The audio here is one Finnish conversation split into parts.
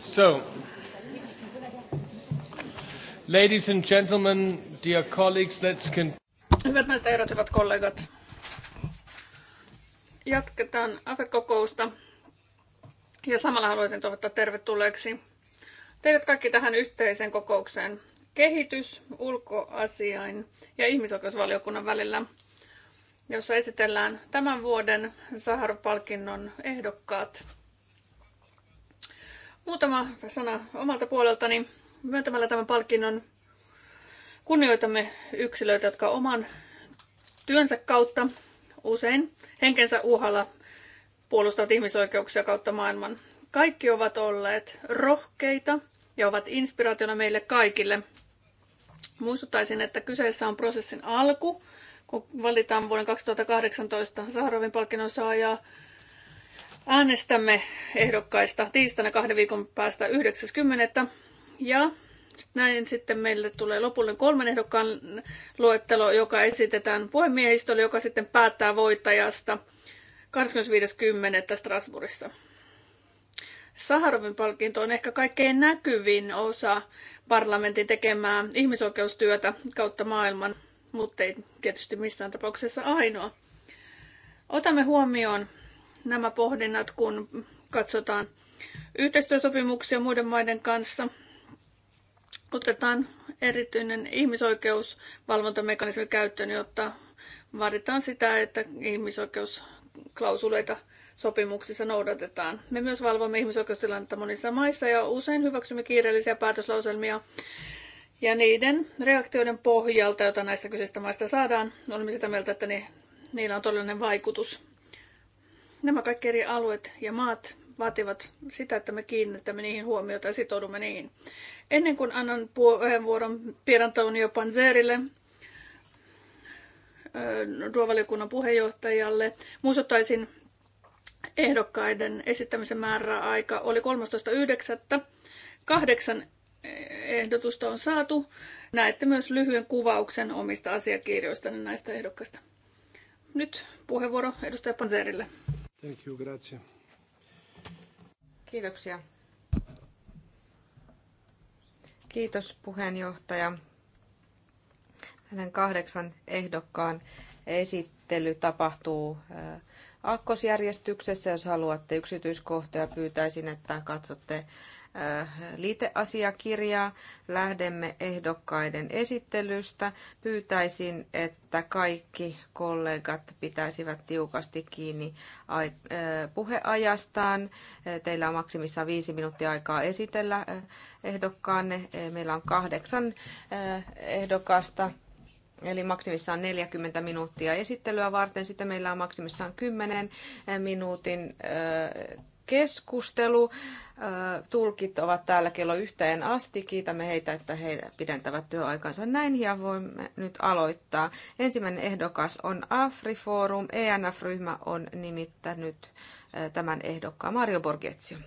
So, ladies and gentlemen, dear colleagues, let's Hyvät naiset ja herrat, hyvät kollegat. Jatketaan AFE-kokousta. Ja samalla haluaisin toivottaa tervetulleeksi teidät kaikki tähän yhteiseen kokoukseen kehitys, ulkoasiain ja ihmisoikeusvaliokunnan välillä, jossa esitellään tämän vuoden Sahar-palkinnon ehdokkaat Muutama sana omalta puoleltani. Myöntämällä tämän palkinnon kunnioitamme yksilöitä, jotka oman työnsä kautta usein henkensä uhalla puolustavat ihmisoikeuksia kautta maailman. Kaikki ovat olleet rohkeita ja ovat inspiraationa meille kaikille. Muistuttaisin, että kyseessä on prosessin alku, kun valitaan vuoden 2018 Saharovin palkinnon saajaa Äänestämme ehdokkaista tiistaina kahden viikon päästä 90. Ja näin sitten meille tulee lopullinen kolmen ehdokkaan luettelo, joka esitetään puhemiehistölle, joka sitten päättää voittajasta 25.10. Strasbourgissa. Saharovin palkinto on ehkä kaikkein näkyvin osa parlamentin tekemää ihmisoikeustyötä kautta maailman, mutta ei tietysti missään tapauksessa ainoa. Otamme huomioon nämä pohdinnat, kun katsotaan yhteistyösopimuksia muiden maiden kanssa. Otetaan erityinen ihmisoikeusvalvontamekanismi käyttöön, jotta vaaditaan sitä, että ihmisoikeusklausuleita sopimuksissa noudatetaan. Me myös valvomme ihmisoikeustilannetta monissa maissa ja usein hyväksymme kiireellisiä päätöslauselmia ja niiden reaktioiden pohjalta, joita näistä kyseistä maista saadaan, olemme sitä mieltä, että ne, niillä on todellinen vaikutus. Nämä kaikki eri alueet ja maat vaativat sitä, että me kiinnitämme niihin huomiota ja sitoudumme niihin. Ennen kuin annan puheenvuoron Pierantonio Panzerille, duovaliokunnan puheenjohtajalle, muistuttaisin ehdokkaiden esittämisen määräaika oli 13.9. Kahdeksan ehdotusta on saatu. Näette myös lyhyen kuvauksen omista asiakirjoista näistä ehdokkaista. Nyt puheenvuoro edustaja Panzerille. Thank you, grazie. Kiitoksia. Kiitos puheenjohtaja. Hänen kahdeksan ehdokkaan esittely tapahtuu äh, akkosjärjestyksessä. Jos haluatte yksityiskohtia, pyytäisin, että katsotte Äh, liiteasiakirjaa. Lähdemme ehdokkaiden esittelystä. Pyytäisin, että kaikki kollegat pitäisivät tiukasti kiinni äh, puheajastaan. Äh, teillä on maksimissaan viisi minuuttia aikaa esitellä ehdokkaanne. Meillä on kahdeksan ehdokasta. Eli maksimissaan 40 minuuttia esittelyä varten. Sitten meillä on maksimissaan 10 minuutin keskustelu. Tulkit ovat täällä kello yhteen asti. Kiitämme heitä, että he pidentävät työaikansa näin ja voimme nyt aloittaa. Ensimmäinen ehdokas on AfriForum. ENF-ryhmä on nimittänyt tämän ehdokkaan Mario Borgetsio.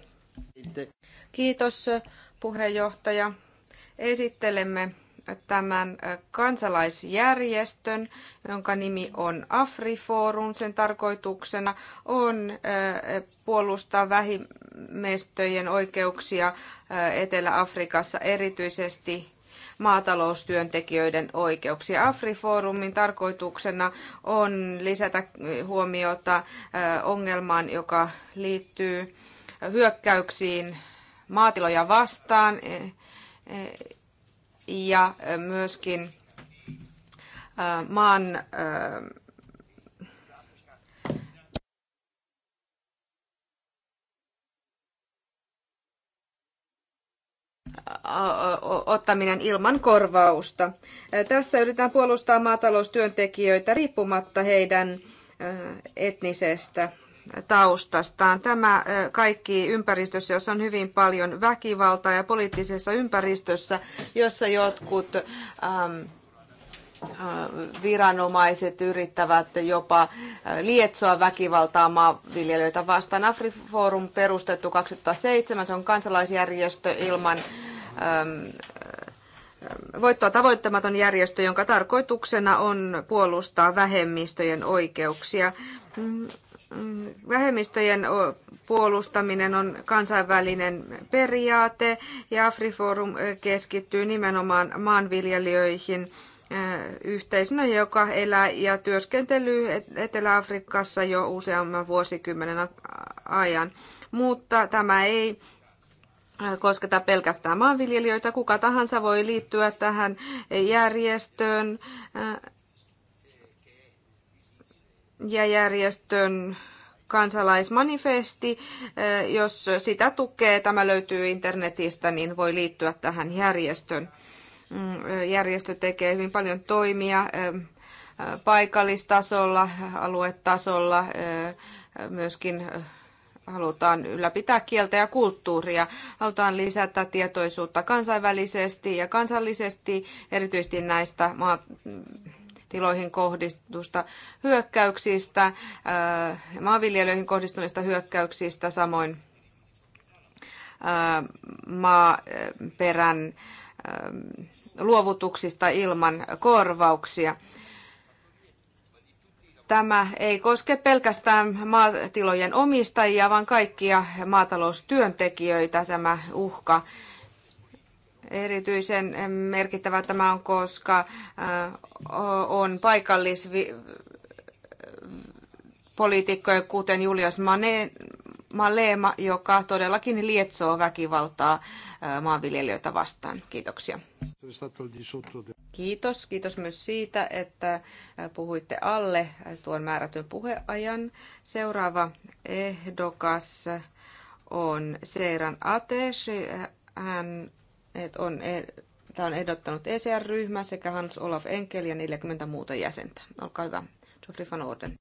Kiitos puheenjohtaja. Esittelemme tämän kansalaisjärjestön, jonka nimi on AfriForum. Sen tarkoituksena on puolustaa vähimestöjen oikeuksia Etelä-Afrikassa, erityisesti maataloustyöntekijöiden oikeuksia. AfriForumin tarkoituksena on lisätä huomiota ongelmaan, joka liittyy hyökkäyksiin maatiloja vastaan e, e, ja myöskin maan ottaminen ilman korvausta. Tässä yritetään puolustaa maataloustyöntekijöitä riippumatta heidän etnisestä taustastaan. Tämä kaikki ympäristössä, jossa on hyvin paljon väkivaltaa ja poliittisessa ympäristössä, jossa jotkut ähm, viranomaiset yrittävät jopa lietsoa väkivaltaa maanviljelijöitä vastaan. AfriForum perustettu 2007, se on kansalaisjärjestö ilman ähm, voittoa tavoittamaton järjestö, jonka tarkoituksena on puolustaa vähemmistöjen oikeuksia. Mm, vähemmistöjen puolustaminen on kansainvälinen periaate ja AfriForum eh, keskittyy nimenomaan maanviljelijöihin eh, yhteisönä, joka elää ja työskentelyy Etelä-Afrikassa jo useamman vuosikymmenen ajan. Mutta tämä ei eh, kosketa pelkästään maanviljelijöitä. Kuka tahansa voi liittyä tähän järjestöön ja järjestön kansalaismanifesti. Jos sitä tukee, tämä löytyy internetistä, niin voi liittyä tähän järjestön. Mm, järjestö tekee hyvin paljon toimia paikallistasolla, aluetasolla, myöskin halutaan ylläpitää kieltä ja kulttuuria, halutaan lisätä tietoisuutta kansainvälisesti ja kansallisesti, erityisesti näistä tiloihin kohdistusta hyökkäyksistä, äh, maanviljelijöihin kohdistuneista hyökkäyksistä, samoin äh, maaperän äh, luovutuksista ilman korvauksia. Tämä ei koske pelkästään maatilojen omistajia, vaan kaikkia maataloustyöntekijöitä tämä uhka. Erityisen merkittävä tämä on, koska äh, on paikallispoliitikkoja, äh, kuten Julius Malema, joka todellakin lietsoo väkivaltaa äh, maanviljelijöitä vastaan. Kiitoksia. Kiitos. Kiitos myös siitä, että puhuitte alle tuon määrätyn puheajan. Seuraava ehdokas on Seiran Ateshi. Hän että on, e- tämä on ehdottanut ECR-ryhmä sekä Hans Olaf Enkel ja 40 muuta jäsentä. Olkaa hyvä, Geoffrey van Orden.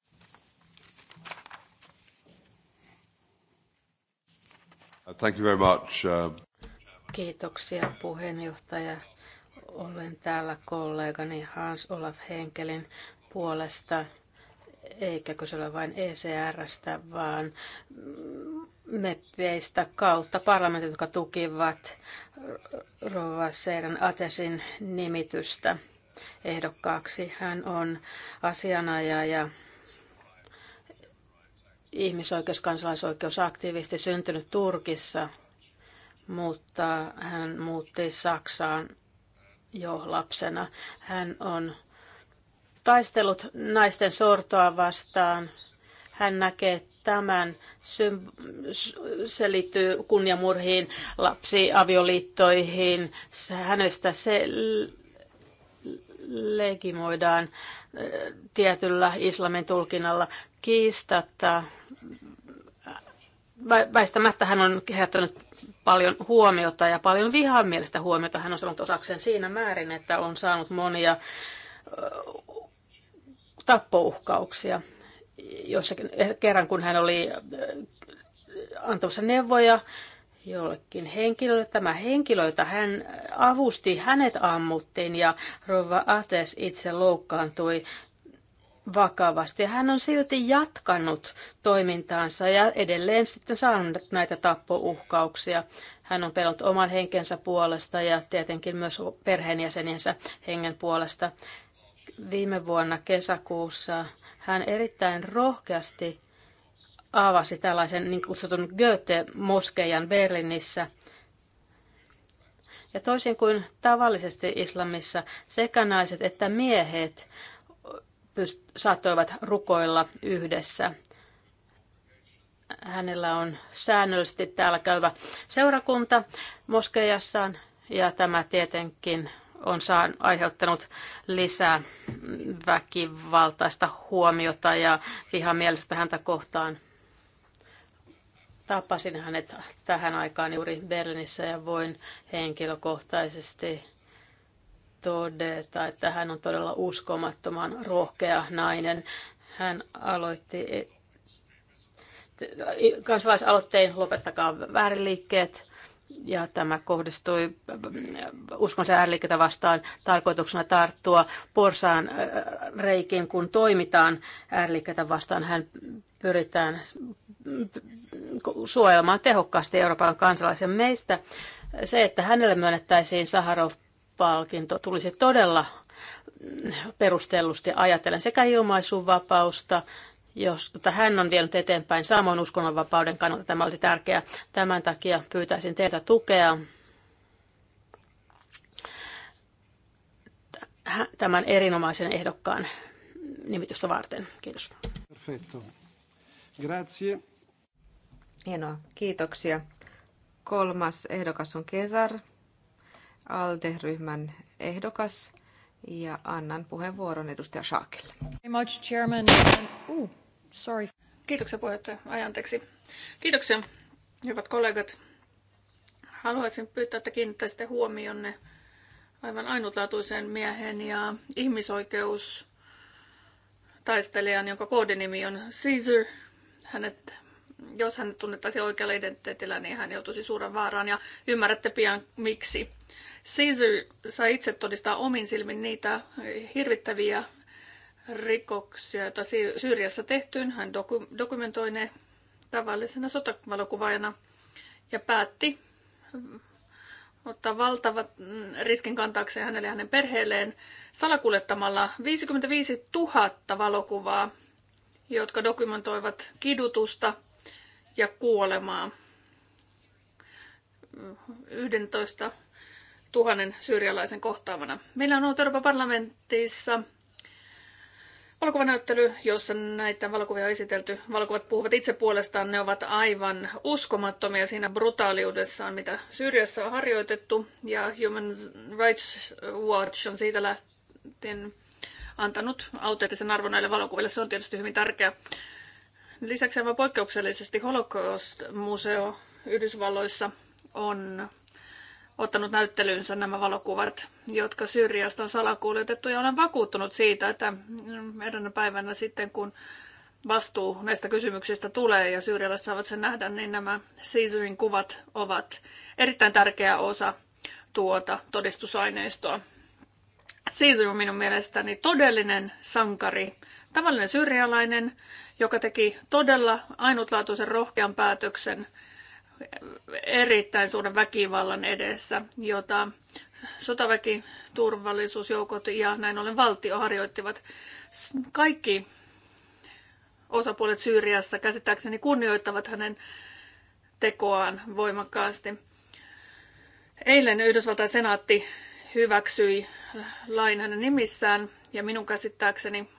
Thank you very much. Uh, Kiitoksia puheenjohtaja. Olen täällä kollegani Hans Olaf Henkelin puolesta, eikä kyse ole vain ECRstä, vaan meppeistä kautta parlamentit, jotka tukivat Rova Seiran Atesin nimitystä ehdokkaaksi. Hän on asianajaja ja ihmisoikeus- syntynyt Turkissa, mutta hän muutti Saksaan jo lapsena. Hän on taistellut naisten sortoa vastaan, hän näkee tämän, se liittyy kunniamurhiin, lapsiavioliittoihin. Hänestä se legimoidaan tietyllä islamin tulkinnalla kiistatta. Väistämättä hän on herättänyt paljon huomiota ja paljon vihamielistä huomiota. Hän on saanut osakseen siinä määrin, että on saanut monia tappouhkauksia jossakin eh, kerran, kun hän oli eh, antamassa neuvoja jollekin henkilölle. Tämä henkilö, jota hän avusti, hänet ammuttiin ja Rova Ates itse loukkaantui vakavasti. Hän on silti jatkanut toimintaansa ja edelleen sitten saanut näitä tappouhkauksia. Hän on pelot oman henkensä puolesta ja tietenkin myös perheenjäsenensä hengen puolesta. Viime vuonna kesäkuussa hän erittäin rohkeasti avasi tällaisen niin kutsutun Goethe-moskeijan Berlinissä. Ja toisin kuin tavallisesti islamissa, sekä naiset että miehet pyst- saattoivat rukoilla yhdessä. Hänellä on säännöllisesti täällä käyvä seurakunta moskejassaan, ja tämä tietenkin on saan, aiheuttanut lisää väkivaltaista huomiota ja vihamielistä häntä kohtaan. Tapasin hänet tähän aikaan juuri Berlinissä ja voin henkilökohtaisesti todeta, että hän on todella uskomattoman rohkea nainen. Hän aloitti kansalaisaloitteen Lopettakaa väärinliikkeet ja tämä kohdistui uskonsa ääriliikettä vastaan tarkoituksena tarttua porsaan äh, reikiin, kun toimitaan ääriliikettä vastaan. Hän pyritään suojelemaan tehokkaasti Euroopan kansalaisen meistä. Se, että hänelle myönnettäisiin Saharov-palkinto, tulisi todella perustellusti ajatellen sekä ilmaisuvapausta jos, jota hän on vienyt eteenpäin samoin uskonnonvapauden kannalta. Tämä olisi tärkeää. Tämän takia pyytäisin teiltä tukea tämän erinomaisen ehdokkaan nimitystä varten. Kiitos. Perfetto. Grazie. Hienoa. Kiitoksia. Kolmas ehdokas on Kesar, ALDE-ryhmän ehdokas. Ja annan puheenvuoron edustaja Chairman. Sorry. Kiitoksia puheenjohtaja. Ai Kiitoksia, hyvät kollegat. Haluaisin pyytää, että kiinnittäisitte huomionne aivan ainutlaatuiseen miehen ja ihmisoikeus taistelijan, jonka koodinimi on Caesar. Hänet, jos hänet tunnettaisiin oikealla identiteetillä, niin hän joutuisi suuren vaaraan ja ymmärrätte pian miksi. Caesar sai itse todistaa omin silmin niitä hirvittäviä rikoksia, joita Syyriassa tehtyyn. Hän doku- dokumentoi ne tavallisena sotavalokuvaajana ja päätti ottaa valtavat mm, riskin kantaakseen hänelle ja hänen perheelleen salakuljettamalla 55 000 valokuvaa, jotka dokumentoivat kidutusta ja kuolemaa 11 tuhannen syyrialaisen kohtaamana. Meillä on ollut Euroopan parlamentissa valokuvanäyttely, jossa näitä valokuvia on esitelty. Valokuvat puhuvat itse puolestaan, ne ovat aivan uskomattomia siinä brutaaliudessaan, mitä Syyriassa on harjoitettu. Ja Human Rights Watch on siitä lähtien antanut autenttisen arvon näille valokuville. Se on tietysti hyvin tärkeä. Lisäksi aivan poikkeuksellisesti Holocaust-museo Yhdysvalloissa on ottanut näyttelyynsä nämä valokuvat, jotka Syyriasta on salakuljetettu. Ja olen vakuuttunut siitä, että eräänä päivänä sitten, kun vastuu näistä kysymyksistä tulee ja syyrialaiset saavat sen nähdä, niin nämä Caesarin kuvat ovat erittäin tärkeä osa tuota todistusaineistoa. Caesar on minun mielestäni todellinen sankari, tavallinen syyrialainen, joka teki todella ainutlaatuisen rohkean päätöksen – erittäin suuren väkivallan edessä, jota sotaväki, turvallisuusjoukot ja näin ollen valtio harjoittivat. Kaikki osapuolet Syyriassa käsittääkseni kunnioittavat hänen tekoaan voimakkaasti. Eilen Yhdysvaltain senaatti hyväksyi lain hänen nimissään ja minun käsittääkseni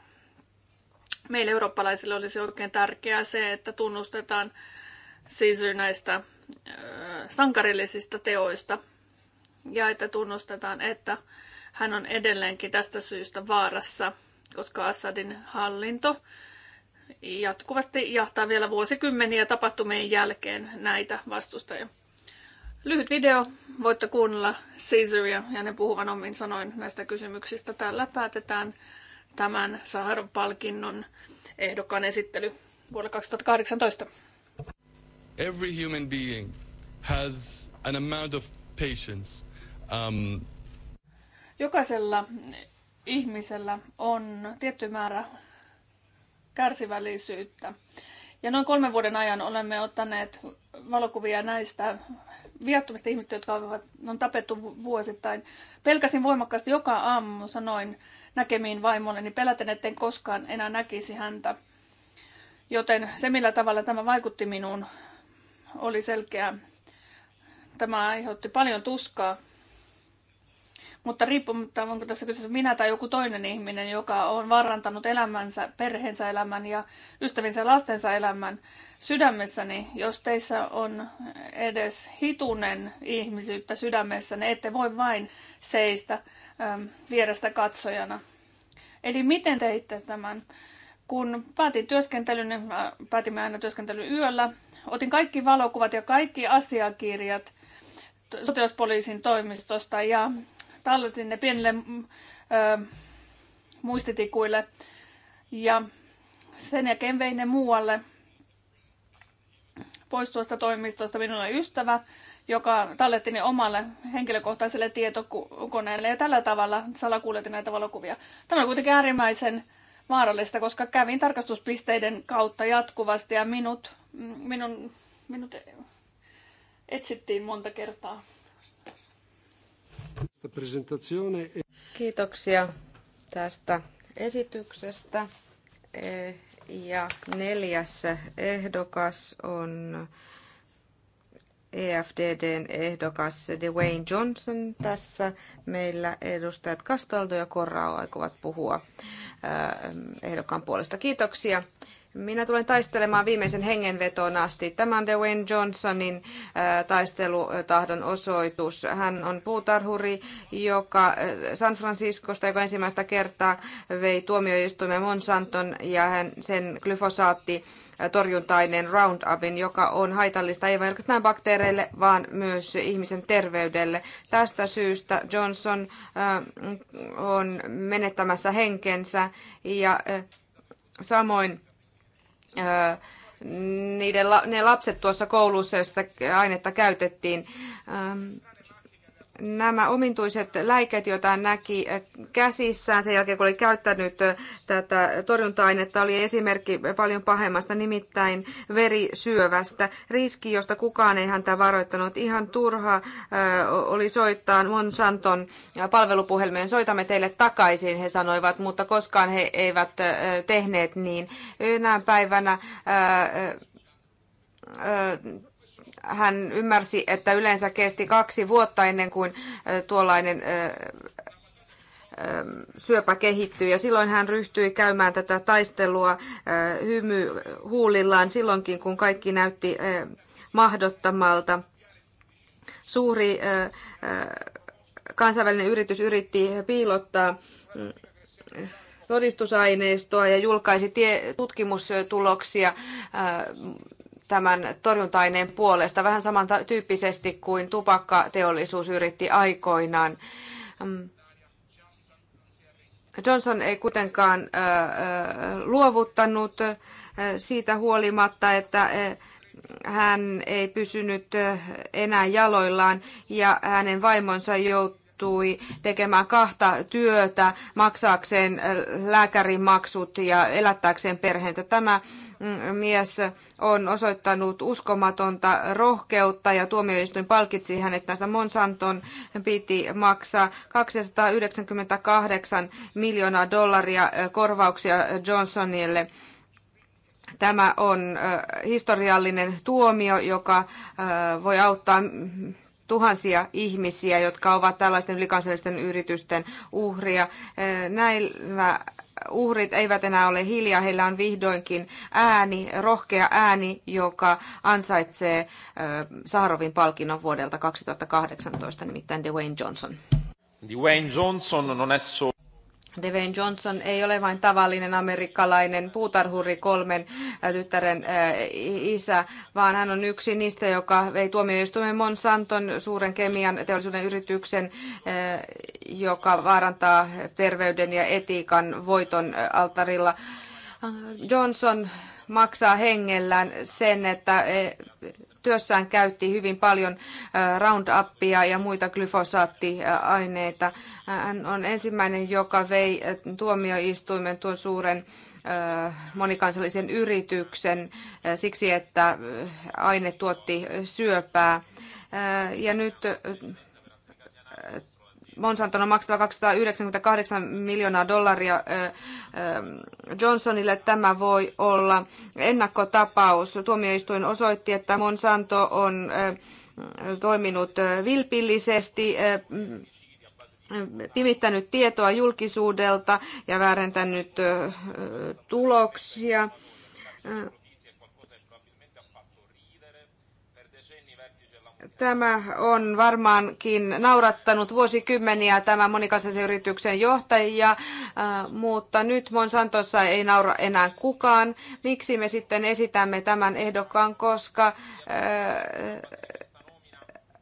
meille eurooppalaisille olisi oikein tärkeää se, että tunnustetaan Caesar siis näistä sankarillisista teoista ja että tunnustetaan, että hän on edelleenkin tästä syystä vaarassa, koska Assadin hallinto jatkuvasti jahtaa vielä vuosikymmeniä tapahtumien jälkeen näitä vastustajia. Lyhyt video, voitte kuunnella Caesaria ja ne puhuvan omin sanoin näistä kysymyksistä. Tällä päätetään tämän Saharon palkinnon ehdokkaan esittely vuonna 2018 every human being has an amount of patience. Um, Jokaisella ihmisellä on tietty määrä kärsivällisyyttä. Ja noin kolmen vuoden ajan olemme ottaneet valokuvia näistä viattomista ihmistä, jotka ovat, on tapettu vuosittain. Pelkäsin voimakkaasti joka aamu, sanoin näkemiin vaimolleni, peläten, etten koskaan enää näkisi häntä. Joten se, millä tavalla tämä vaikutti minuun, oli selkeä. Tämä aiheutti paljon tuskaa. Mutta riippumatta, onko tässä kyseessä minä tai joku toinen ihminen, joka on varantanut elämänsä, perheensä elämän ja ystävinsä ja lastensa elämän sydämessäni, jos teissä on edes hitunen ihmisyyttä sydämessä, niin ette voi vain seistä ähm, vierestä katsojana. Eli miten teitte tämän? Kun päätin työskentelyn, niin äh, päätimme aina työskentelyn yöllä, otin kaikki valokuvat ja kaikki asiakirjat sotilaspoliisin toimistosta ja talletin ne pienille mm, ö, muistitikuille. Ja sen jälkeen vein ne muualle pois tuosta toimistosta. Minulla ystävä, joka talletti ne omalle henkilökohtaiselle tietokoneelle ja tällä tavalla salakuljetin näitä valokuvia. Tämä on kuitenkin äärimmäisen vaarallista, koska kävin tarkastuspisteiden kautta jatkuvasti ja minut minun, minut etsittiin monta kertaa. Kiitoksia tästä esityksestä. E, ja neljäs ehdokas on EFDDn ehdokas Dwayne Johnson tässä. Meillä edustajat Castaldo ja Korrao aikovat puhua e, ehdokkaan puolesta. Kiitoksia. Minä tulen taistelemaan viimeisen hengenvetoon asti. Tämä on Dwayne Johnsonin taistelutahdon osoitus. Hän on puutarhuri, joka San Franciscosta, joka ensimmäistä kertaa vei tuomioistuimen Monsanton ja hän, sen glyfosaatti torjuntainen Roundupin, joka on haitallista ei vain bakteereille, vaan myös ihmisen terveydelle. Tästä syystä Johnson on menettämässä henkensä ja samoin niiden, ne lapset tuossa koulussa, josta ainetta käytettiin nämä omintuiset läikeet, joita näki eh, käsissään sen jälkeen, kun oli käyttänyt eh, tätä torjunta-ainetta, oli esimerkki paljon pahemmasta, nimittäin verisyövästä. Riski, josta kukaan ei häntä varoittanut. Ihan turha eh, oli soittaa Monsanton palvelupuhelmeen. Soitamme teille takaisin, he sanoivat, mutta koskaan he eivät tehneet niin. Enää päivänä hän ymmärsi, että yleensä kesti kaksi vuotta ennen kuin tuollainen syöpä kehittyy ja silloin hän ryhtyi käymään tätä taistelua hymy huulillaan silloinkin, kun kaikki näytti mahdottomalta. Suuri kansainvälinen yritys yritti piilottaa mm, todistusaineistoa ja julkaisi tutkimustuloksia tämän torjuntaineen puolesta, vähän samantyyppisesti kuin tupakkateollisuus yritti aikoinaan. Mm. Johnson ei kuitenkaan luovuttanut siitä huolimatta, että hän ei pysynyt enää jaloillaan ja hänen vaimonsa joutui tekemään kahta työtä maksaakseen lääkärimaksut ja elättääkseen perheensä. Tämä mies on osoittanut uskomatonta rohkeutta ja tuomioistuin palkitsi hänet tästä Monsanton piti maksaa 298 miljoonaa dollaria korvauksia Johnsonille. Tämä on historiallinen tuomio, joka voi auttaa tuhansia ihmisiä, jotka ovat tällaisten ylikansallisten yritysten uhria. Näillä uhrit eivät enää ole hiljaa, heillä on vihdoinkin ääni, rohkea ääni, joka ansaitsee Saharovin palkinnon vuodelta 2018, nimittäin Dwayne Johnson. Dwayne Johnson on esso... Deven Johnson ei ole vain tavallinen amerikkalainen puutarhuri kolmen tyttären isä, vaan hän on yksi niistä, joka vei tuomioistuimen Monsanton suuren kemian teollisuuden yrityksen, joka vaarantaa terveyden ja etiikan voiton altarilla. Johnson maksaa hengellään sen, että työssään käytti hyvin paljon Roundupia ja muita glyfosaattiaineita. Hän on ensimmäinen, joka vei tuomioistuimen tuon suuren monikansallisen yrityksen siksi, että aine tuotti syöpää. Ja nyt Monsantona maksaa 298 miljoonaa dollaria Johnsonille. Tämä voi olla ennakkotapaus. Tuomioistuin osoitti, että Monsanto on toiminut vilpillisesti pimittänyt tietoa julkisuudelta ja väärentänyt tuloksia. Tämä on varmaankin naurattanut vuosikymmeniä tämä monikansallisen yrityksen johtajia, äh, mutta nyt Monsantossa ei naura enää kukaan. Miksi me sitten esitämme tämän ehdokkaan, koska äh,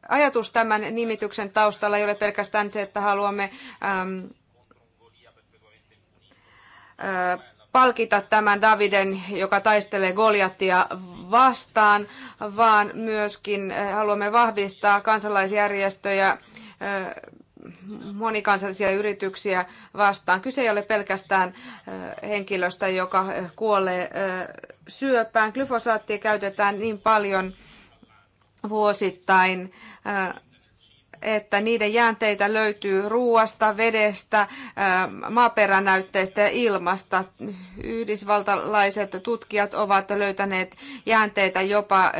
ajatus tämän nimityksen taustalla ei ole pelkästään se, että haluamme ähm, äh, palkita tämän Daviden, joka taistelee Goliattia vastaan, vaan myöskin eh, haluamme vahvistaa kansalaisjärjestöjä eh, monikansallisia yrityksiä vastaan. Kyse ei ole pelkästään eh, henkilöstä, joka kuolee syöpään. Glyfosaattia käytetään niin paljon vuosittain että niiden jäänteitä löytyy ruoasta, vedestä, maaperänäytteistä ja ilmasta. Yhdysvaltalaiset tutkijat ovat löytäneet jäänteitä jopa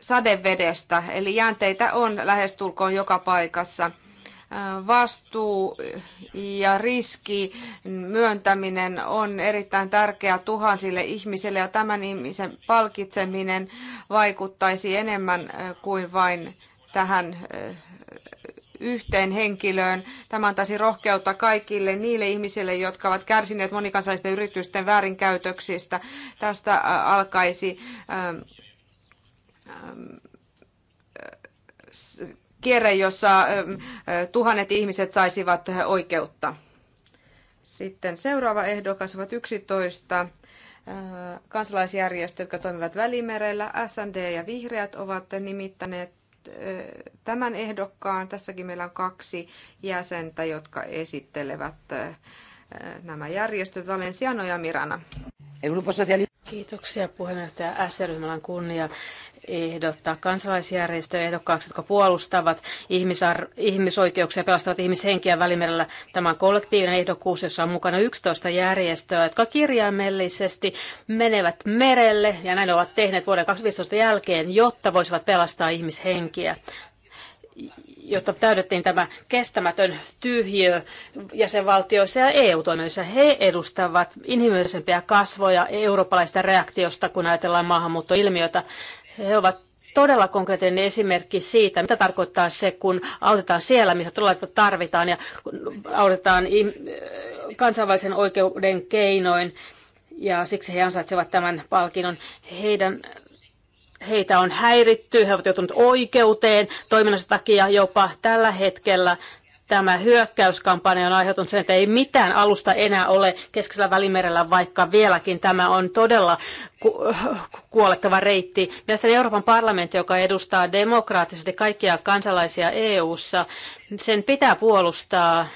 sadevedestä, eli jäänteitä on lähestulkoon joka paikassa vastuu ja riski myöntäminen on erittäin tärkeä tuhansille ihmisille ja tämän ihmisen palkitseminen vaikuttaisi enemmän kuin vain tähän yhteen henkilöön. Tämä antaisi rohkeutta kaikille niille ihmisille, jotka ovat kärsineet monikansallisten yritysten väärinkäytöksistä. Tästä alkaisi kierre, jossa tuhannet ihmiset saisivat oikeutta. Sitten seuraava ehdokas ovat 11 kansalaisjärjestöt, jotka toimivat Välimerellä. SND ja Vihreät ovat nimittäneet Eh, tämän ehdokkaan. Tässäkin meillä on kaksi jäsentä, jotka esittelevät eh, nämä järjestöt, Valensiano ja Mirana. Kiitoksia puheenjohtaja S-ryhmällä kunnia ehdottaa kansalaisjärjestöjä ehdokkaaksi, jotka puolustavat ihmisar- ihmisoikeuksia ja pelastavat ihmishenkiä välimerellä. Tämä on kollektiivinen ehdokkuus, jossa on mukana 11 järjestöä, jotka kirjaimellisesti menevät merelle ja näin ovat tehneet vuoden 2015 jälkeen, jotta voisivat pelastaa ihmishenkiä jotta täydettiin tämä kestämätön tyhjö jäsenvaltioissa ja EU-toimijoissa. He edustavat inhimillisempiä kasvoja eurooppalaista reaktiosta, kun ajatellaan maahanmuuttoilmiötä. He ovat todella konkreettinen esimerkki siitä, mitä tarkoittaa se, kun autetaan siellä, missä todella tarvitaan ja autetaan kansainvälisen oikeuden keinoin. Ja siksi he ansaitsevat tämän palkinnon. Heidän heitä on häiritty, he ovat joutuneet oikeuteen toiminnasta takia jopa tällä hetkellä Tämä hyökkäyskampanja on aiheutunut sen, että ei mitään alusta enää ole keskisellä välimerellä, vaikka vieläkin tämä on todella ku- kuolettava reitti. Mielestäni Euroopan parlamentti, joka edustaa demokraattisesti kaikkia kansalaisia EU:ssa, sen pitää puolustaa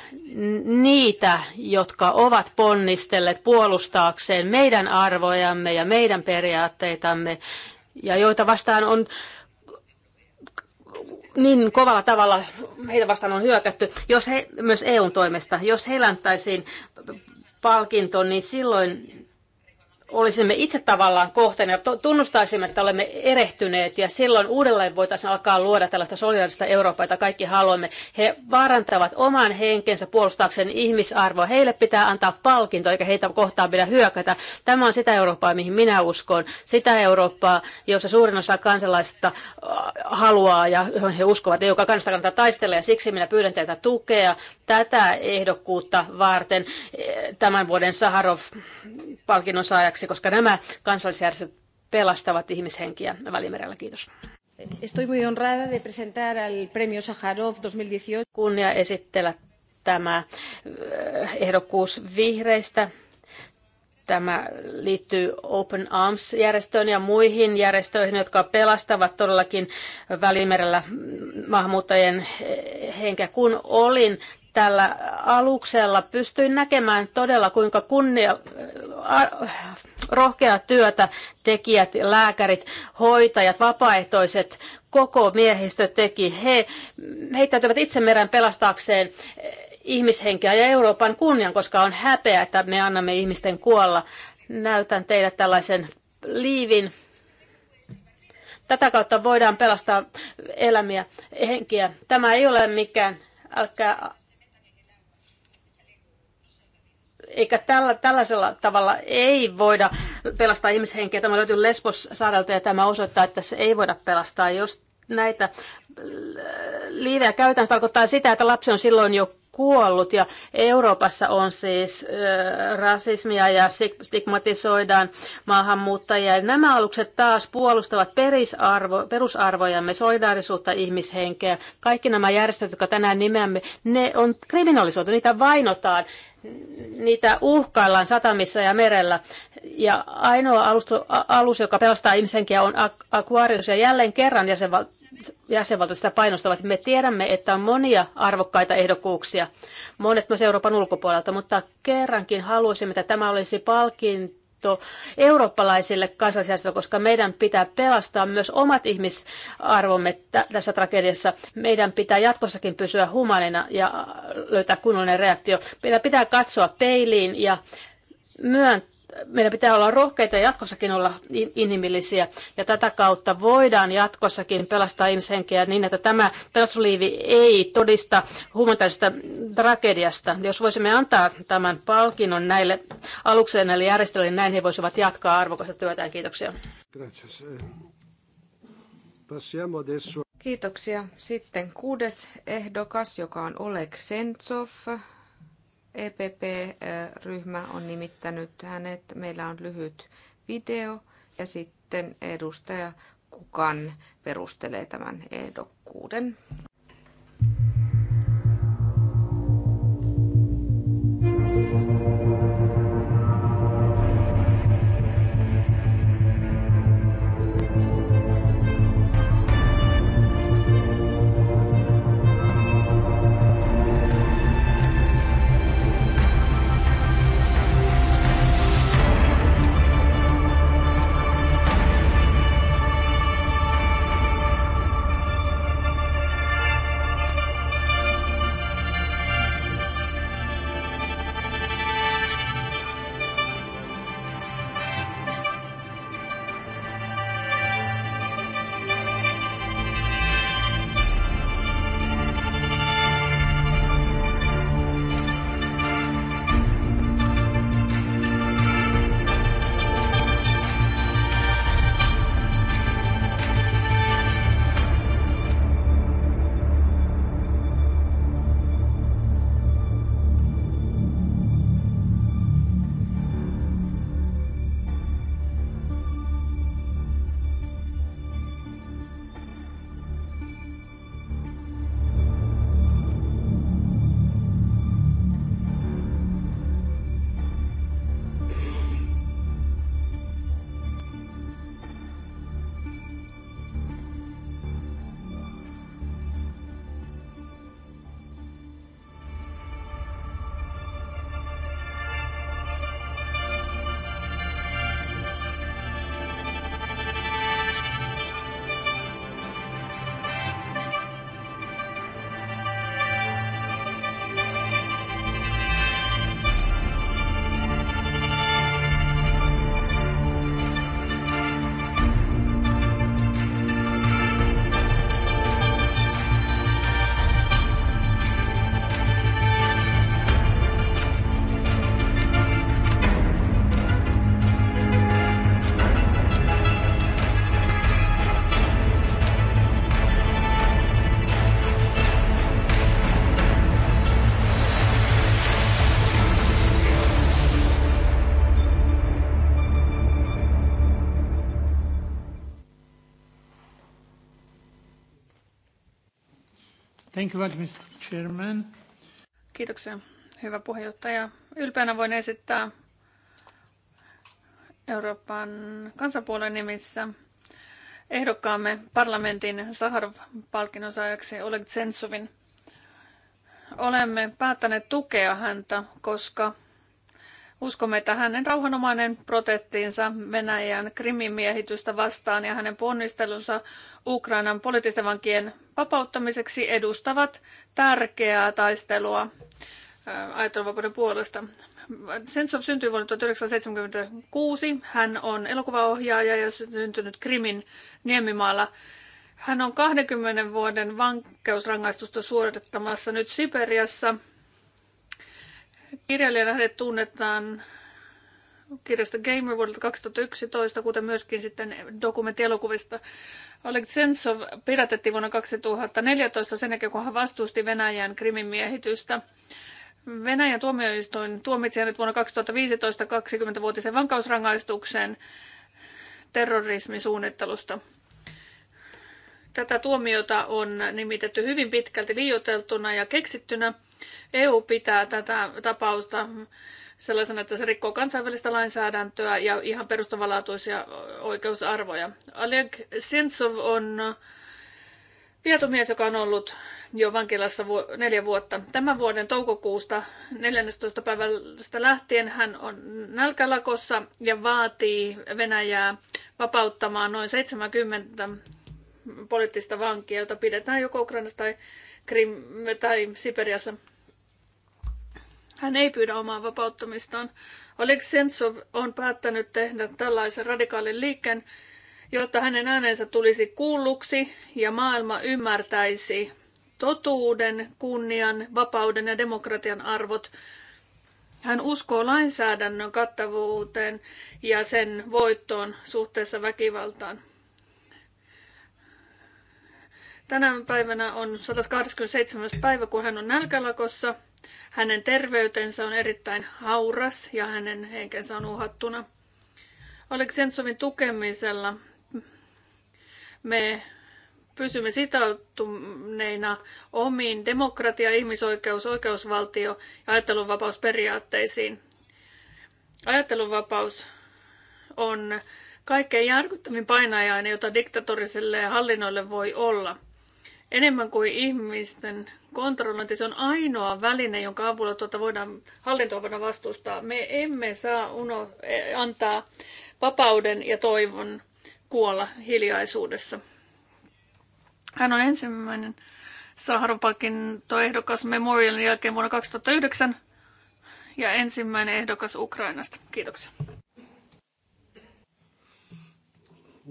niitä, jotka ovat ponnistelleet puolustaakseen meidän arvojamme ja meidän periaatteitamme, ja joita vastaan on niin kovalla tavalla heitä vastaan on hyökätty, jos he, myös EUn toimesta, jos he palkinto, niin silloin olisimme itse tavallaan kohteena ja tunnustaisimme, että olemme erehtyneet ja silloin uudelleen voitaisiin alkaa luoda tällaista solidaarista Eurooppaa, jota kaikki haluamme. He vaarantavat oman henkensä puolustaakseen ihmisarvoa. Heille pitää antaa palkinto eikä heitä kohtaan pidä hyökätä. Tämä on sitä Eurooppaa, mihin minä uskon. Sitä Eurooppaa, jossa suurin osa kansalaisista äh, haluaa ja johon he uskovat, ja joka kannasta kannattaa taistella ja siksi minä pyydän teiltä tukea tätä ehdokkuutta varten eh, tämän vuoden Saharov-palkinnon saajaksi koska nämä kansallisjärjestöt pelastavat ihmishenkiä Välimerellä. Kiitos. Estoy muy honrada de presentar al premio Saharov 2018. Kunnia esitellä tämä eh, ehdokkuus vihreistä. Tämä liittyy Open Arms-järjestöön ja muihin järjestöihin, jotka pelastavat todellakin Välimerellä maahanmuuttajien eh, henkeä. Kun olin tällä aluksella pystyin näkemään todella, kuinka kunnia, äh, rohkea työtä tekijät, lääkärit, hoitajat, vapaaehtoiset, koko miehistö teki. He heittäytyvät itse meren pelastaakseen eh, ihmishenkeä ja Euroopan kunnian, koska on häpeä, että me annamme ihmisten kuolla. Näytän teille tällaisen liivin. Tätä kautta voidaan pelastaa elämiä, henkiä. Tämä ei ole mikään, älkää eikä tällä, tällaisella tavalla ei voida pelastaa ihmishenkiä. Tämä löytyy Lesbos saarelta ja tämä osoittaa, että se ei voida pelastaa. Jos näitä äh, liivejä käytetään, se tarkoittaa sitä, että lapsi on silloin jo kuollut ja Euroopassa on siis äh, rasismia ja stigmatisoidaan maahanmuuttajia. Nämä alukset taas puolustavat perisarvo, perusarvojamme, solidaarisuutta, ihmishenkeä. Kaikki nämä järjestöt, jotka tänään nimeämme, ne on kriminalisoitu, niitä vainotaan niitä uhkaillaan satamissa ja merellä. Ja ainoa alustu, alus, joka pelastaa ihmisenkiä, on Aquarius. Ja jälleen kerran jäsenval, jäsenvaltiot sitä painostavat. Me tiedämme, että on monia arvokkaita ehdokkuuksia, monet myös Euroopan ulkopuolelta, mutta kerrankin haluaisimme, että tämä olisi palkinto katto eurooppalaisille kansallisjärjestöille, koska meidän pitää pelastaa myös omat ihmisarvomme tässä tragediassa. Meidän pitää jatkossakin pysyä humanina ja löytää kunnollinen reaktio. Meidän pitää katsoa peiliin ja myöntää, meidän pitää olla rohkeita ja jatkossakin olla inhimillisiä. Ja tätä kautta voidaan jatkossakin pelastaa ihmishenkeä niin, että tämä pelastusliivi ei todista humanitaarista tragediasta. Jos voisimme antaa tämän palkinnon näille aluksille, näille järjestöille, niin näin he voisivat jatkaa arvokasta työtään. Kiitoksia. Eh, Kiitoksia. Sitten kuudes ehdokas, joka on Oleg Sentsov EPP-ryhmä on nimittänyt hänet. Meillä on lyhyt video ja sitten edustaja Kukan perustelee tämän ehdokkuuden. Thank you much, Mr. Chairman. Kiitoksia, hyvä puheenjohtaja. Ylpeänä voin esittää Euroopan kansanpuolen nimissä ehdokkaamme parlamentin Saharov-palkinnon saajaksi Oleg Sentsovin. Olemme päättäneet tukea häntä, koska Uskomme, että hänen rauhanomainen protestiinsa Venäjän krimin miehitystä vastaan ja hänen ponnistelunsa Ukrainan poliittisten vankien vapauttamiseksi edustavat tärkeää taistelua ajatteluvapauden puolesta. Sensov syntyi vuonna 1976. Hän on elokuvaohjaaja ja syntynyt Krimin Niemimaalla. Hän on 20 vuoden vankeusrangaistusta suorittamassa nyt Siperiassa – Kirjailijana hänet tunnetaan kirjasta Gamer vuodelta 2011, kuten myöskin sitten dokumenttielokuvista. Oleg Sentsov pidätettiin vuonna 2014 sen jälkeen, kun hän vastusti Venäjän krimin miehitystä. Venäjän tuomioistuin tuomitsi hänet vuonna 2015 20-vuotisen vankausrangaistuksen terrorismisuunnittelusta. Tätä tuomiota on nimitetty hyvin pitkälti liioiteltuna ja keksittynä. EU pitää tätä tapausta sellaisena, että se rikkoo kansainvälistä lainsäädäntöä ja ihan perustavanlaatuisia oikeusarvoja. Oleg Sentsov on Vietomies, joka on ollut jo vankilassa neljä vuotta. Tämän vuoden toukokuusta 14. päivästä lähtien hän on nälkälakossa ja vaatii Venäjää vapauttamaan noin 70 poliittista vankia, jota pidetään joko Ukrainassa tai, Krim, tai Siperiassa. Hän ei pyydä omaa vapauttamistaan. Oleg Sentsov on päättänyt tehdä tällaisen radikaalin liikkeen, jotta hänen äänensä tulisi kuulluksi ja maailma ymmärtäisi totuuden, kunnian, vapauden ja demokratian arvot. Hän uskoo lainsäädännön kattavuuteen ja sen voittoon suhteessa väkivaltaan. Tänä päivänä on 127. päivä, kun hän on nälkälakossa. Hänen terveytensä on erittäin hauras ja hänen henkensä on uhattuna. Aleksentsovin tukemisella me pysymme sitoutuneina omiin demokratia, ihmisoikeus, oikeusvaltio ja ajattelunvapausperiaatteisiin. Ajattelunvapaus on kaikkein järkyttävin painajainen, jota diktatoriselle hallinnoille voi olla – enemmän kuin ihmisten kontrollointi. Se on ainoa väline, jonka avulla tuota voidaan, hallintoa voidaan vastustaa. Me emme saa uno, e, antaa vapauden ja toivon kuolla hiljaisuudessa. Hän on ensimmäinen Saharopakin ehdokas Memorialin jälkeen vuonna 2009 ja ensimmäinen ehdokas Ukrainasta. Kiitoksia.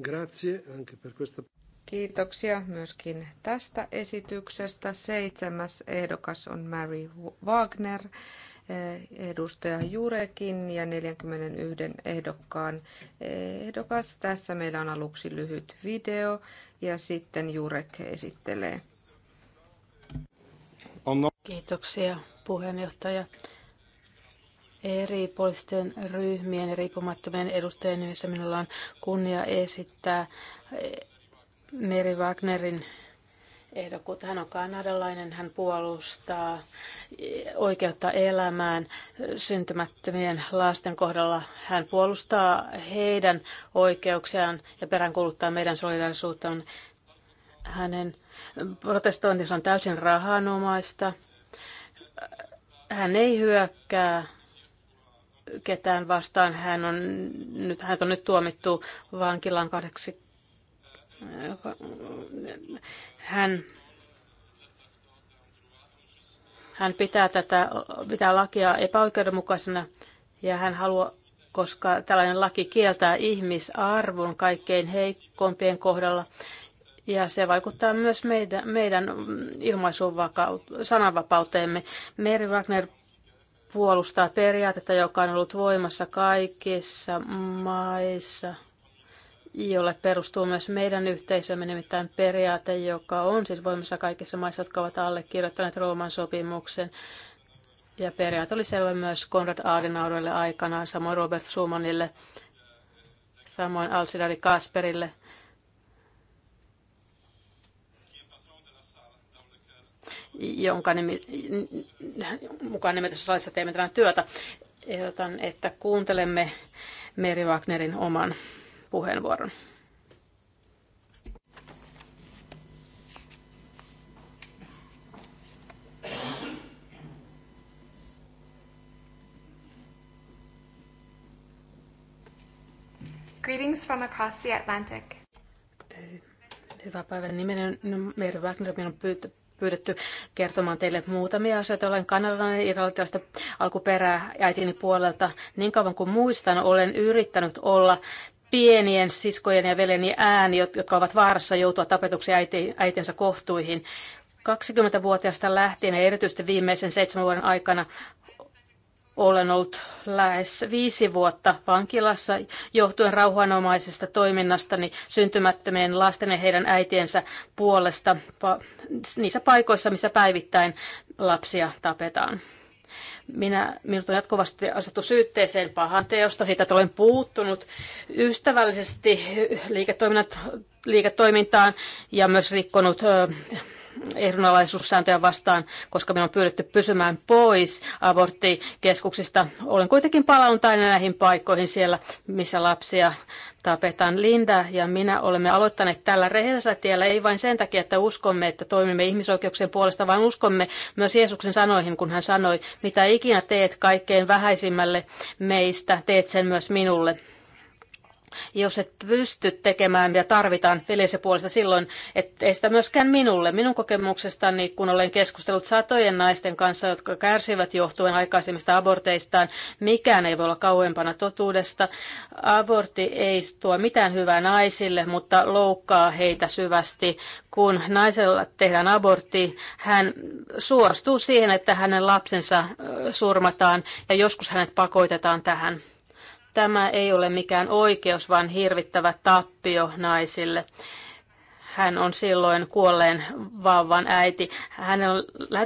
Grazie anche per questa... Kiitoksia myöskin tästä esityksestä. Seitsemäs ehdokas on Mary Wagner, eh, edustaja Jurekin ja 41 ehdokkaan ehdokas. Tässä meillä on aluksi lyhyt video ja sitten Jurek esittelee. No- Kiitoksia puheenjohtaja. Eri poliittisten ryhmien ja riippumattomien edustajien nimissä minulla on kunnia esittää eh, Meri Wagnerin ehdokkuutta. Hän on kanadalainen, hän puolustaa oikeutta elämään syntymättömien lasten kohdalla. Hän puolustaa heidän oikeuksiaan ja peräänkuuluttaa meidän solidaarisuuttaan. Hänen protestointinsa on täysin rahanomaista. Hän ei hyökkää ketään vastaan. Hän on nyt, hänet on nyt tuomittu vankilaan 80 hän hän pitää tätä pitää lakia epäoikeudenmukaisena ja hän haluaa, koska tällainen laki kieltää ihmisarvon kaikkein heikompien kohdalla. Ja se vaikuttaa myös meidän, meidän sananvapauteemme. Meri Wagner puolustaa periaatetta, joka on ollut voimassa kaikissa maissa – jolle perustuu myös meidän yhteisömme, nimittäin periaate, joka on siis voimassa kaikissa maissa, jotka ovat allekirjoittaneet Rooman sopimuksen. Ja periaate oli selvä myös Konrad Adenauerille aikanaan, samoin Robert Schumannille, samoin Alcidari Kasperille. jonka nimi, mukaan nimetyssä salissa teemme tämän työtä. Ehdotan, että kuuntelemme Meri Wagnerin oman puheenvuoron. Greetings from across the Atlantic. Hyvää päivän nimeni on Meri Wagner. Minä on pyydetty kertomaan teille muutamia asioita. Olen kanadalainen irlantilaista alkuperää äitini puolelta. Niin kauan kuin muistan, olen yrittänyt olla pienien siskojen ja veljeni ääni, jotka ovat vaarassa joutua tapetuksi äitinsä kohtuihin. 20-vuotiaasta lähtien ja erityisesti viimeisen seitsemän vuoden aikana olen ollut lähes viisi vuotta vankilassa johtuen rauhanomaisesta toiminnastani syntymättömien lasten ja heidän äitiensä puolesta niissä paikoissa, missä päivittäin lapsia tapetaan. Minä, minut on jatkuvasti asettu syytteeseen pahan teosta, siitä että olen puuttunut ystävällisesti liiketoimintaan ja myös rikkonut ö, ehdonalaisuussääntöjä vastaan, koska minun on pyydetty pysymään pois aborttikeskuksista. Olen kuitenkin palannut aina näihin paikkoihin siellä, missä lapsia tapetaan. Linda ja minä olemme aloittaneet tällä rehellisellä tiellä, ei vain sen takia, että uskomme, että toimimme ihmisoikeuksien puolesta, vaan uskomme myös Jeesuksen sanoihin, kun hän sanoi, mitä ikinä teet kaikkein vähäisimmälle meistä, teet sen myös minulle jos et pysty tekemään ja tarvitaan veljensä puolesta silloin, että ei sitä myöskään minulle. Minun kokemuksestani, kun olen keskustellut satojen naisten kanssa, jotka kärsivät johtuen aikaisemmista aborteistaan, mikään ei voi olla kauempana totuudesta. Abortti ei tuo mitään hyvää naisille, mutta loukkaa heitä syvästi. Kun naisella tehdään abortti, hän suostuu siihen, että hänen lapsensa surmataan ja joskus hänet pakotetaan tähän Tämä ei ole mikään oikeus, vaan hirvittävä tappio naisille. Hän on silloin kuolleen vauvan äiti. Hän on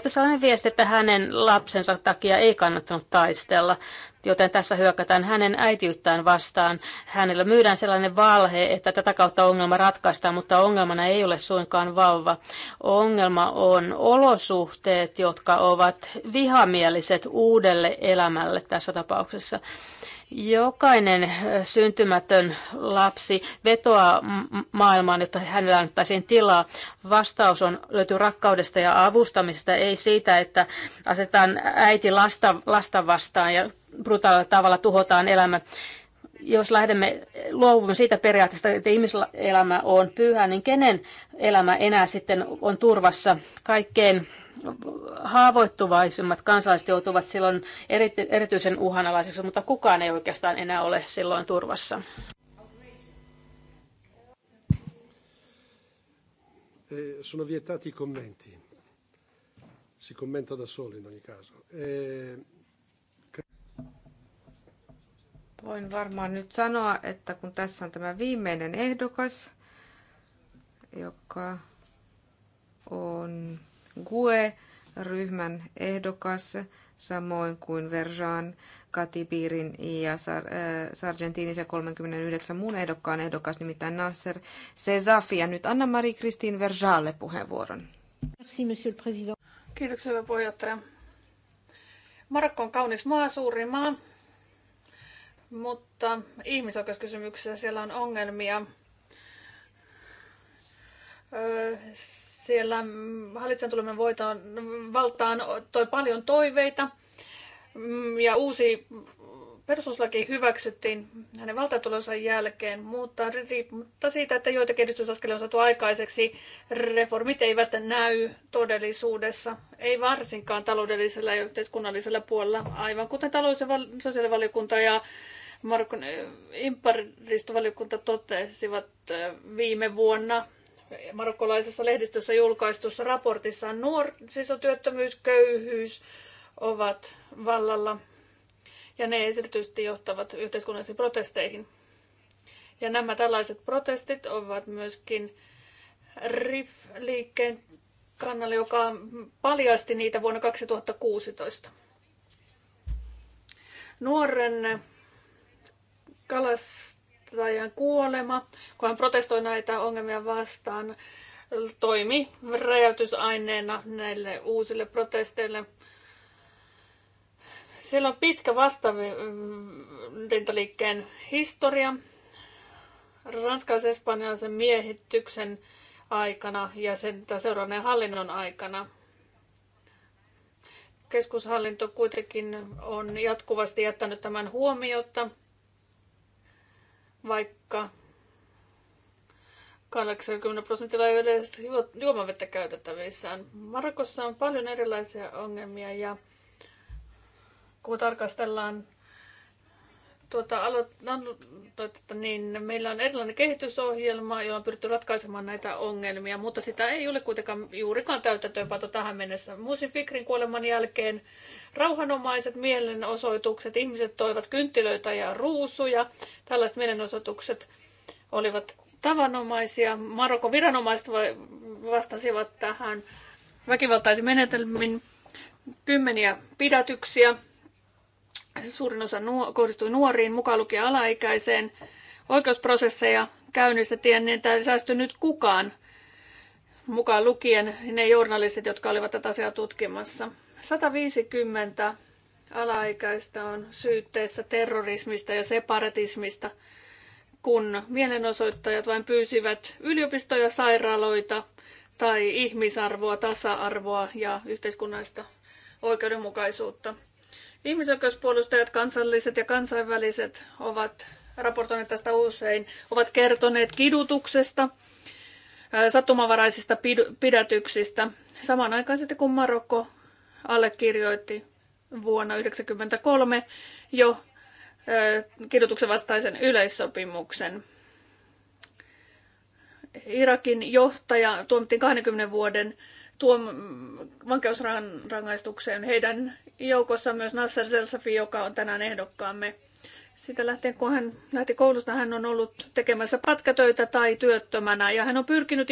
sellainen viesti, että hänen lapsensa takia ei kannattanut taistella joten tässä hyökätään hänen äitiyttään vastaan. Hänellä myydään sellainen valhe, että tätä kautta ongelma ratkaistaan, mutta ongelmana ei ole suinkaan vauva. Ongelma on olosuhteet, jotka ovat vihamieliset uudelle elämälle tässä tapauksessa. Jokainen syntymätön lapsi vetoaa maailmaan, jotta hänellä annettaisiin tilaa. Vastaus on löytyy rakkaudesta ja avustamisesta, ei siitä, että asetetaan äiti lasta, lasta vastaan ja brutaalilla tavalla tuhotaan elämä jos lähdemme luovumaan siitä periaatteesta, että ihmiselämä on pyhä, niin kenen elämä enää sitten on turvassa kaikkein haavoittuvaisimmat kansalaiset joutuvat silloin erityisen uhanalaiseksi, mutta kukaan ei oikeastaan enää ole silloin turvassa. Eh, sono vietati i commenti. Si commenta da in ogni caso. Eh, Voin varmaan nyt sanoa, että kun tässä on tämä viimeinen ehdokas, joka on GUE-ryhmän ehdokas, samoin kuin Verjan, Katipiirin ja Sar- äh, Sargentinis ja 39 muun ehdokkaan ehdokas, nimittäin Nasser Sezafi. Ja nyt Anna-Mari kristin Verjalle puheenvuoron. Merci, monsieur le président. Kiitoksia, hyvä puheenjohtaja. Marokko on kaunis maa, suuri maa, mutta ihmisoikeuskysymyksissä siellä on ongelmia. Öö, siellä mm, hallitsen tulemen voitoon, valtaan toi paljon toiveita mm, ja uusi perustuslaki hyväksyttiin hänen valtatulonsa jälkeen, mutta riippumatta siitä, että joitakin edistysaskelia on saatu aikaiseksi, reformit eivät näy todellisuudessa, ei varsinkaan taloudellisella ja yhteiskunnallisella puolella, aivan kuten talous- ja sosiaalivaliokunta ja Markon eh, ympäristövaliokunta totesivat eh, viime vuonna marokkolaisessa lehdistössä julkaistussa raportissa nuorisotyöttömyys, siis köyhyys ovat vallalla ja ne esityisesti johtavat yhteiskunnallisiin protesteihin. Ja nämä tällaiset protestit ovat myöskin RIF-liikkeen kannalla, joka paljasti niitä vuonna 2016. Nuoren kalas toimittajan kuolema, kun hän protestoi näitä ongelmia vastaan, toimi räjäytysaineena näille uusille protesteille. Siellä on pitkä vastaavintaliikkeen historia. Ranskalais-espanjalaisen miehityksen aikana ja sen seuraavan hallinnon aikana. Keskushallinto kuitenkin on jatkuvasti jättänyt tämän huomiota vaikka 80 prosentilla ei ole edes juomavettä käytettävissään. Marokossa on paljon erilaisia ongelmia ja kun tarkastellaan tuota, että tuota, niin meillä on erilainen kehitysohjelma, jolla on pyritty ratkaisemaan näitä ongelmia, mutta sitä ei ole kuitenkaan juurikaan täytäntöönpato tähän mennessä. Muusin Fikrin kuoleman jälkeen rauhanomaiset mielenosoitukset, ihmiset toivat kynttilöitä ja ruusuja. Tällaiset mielenosoitukset olivat tavanomaisia. Marokon viranomaiset vastasivat tähän väkivaltaisiin menetelmiin kymmeniä pidätyksiä Suurin osa nuo, kohdistui nuoriin, mukaan lukien alaikäiseen. Oikeusprosesseja käynnistettiin, niin ei säästynyt kukaan, mukaan lukien ne journalistit, jotka olivat tätä asiaa tutkimassa. 150 alaikäistä on syytteessä terrorismista ja separatismista, kun mielenosoittajat vain pyysivät yliopistoja, sairaaloita tai ihmisarvoa, tasa-arvoa ja yhteiskunnallista oikeudenmukaisuutta. Ihmisoikeuspuolustajat, kansalliset ja kansainväliset, ovat raportoineet tästä usein, ovat kertoneet kidutuksesta, sattumavaraisista pidätyksistä. Samanaikaisesti kun Marokko allekirjoitti vuonna 1993 jo kidutuksen vastaisen yleissopimuksen. Irakin johtaja tuomittiin 20 vuoden tuom- vankeusrangaistukseen. Heidän joukossaan myös Nasser Zelsafi, joka on tänään ehdokkaamme. Sitä lähtien, kun hän lähti koulusta, hän on ollut tekemässä patkatöitä tai työttömänä ja hän on pyrkinyt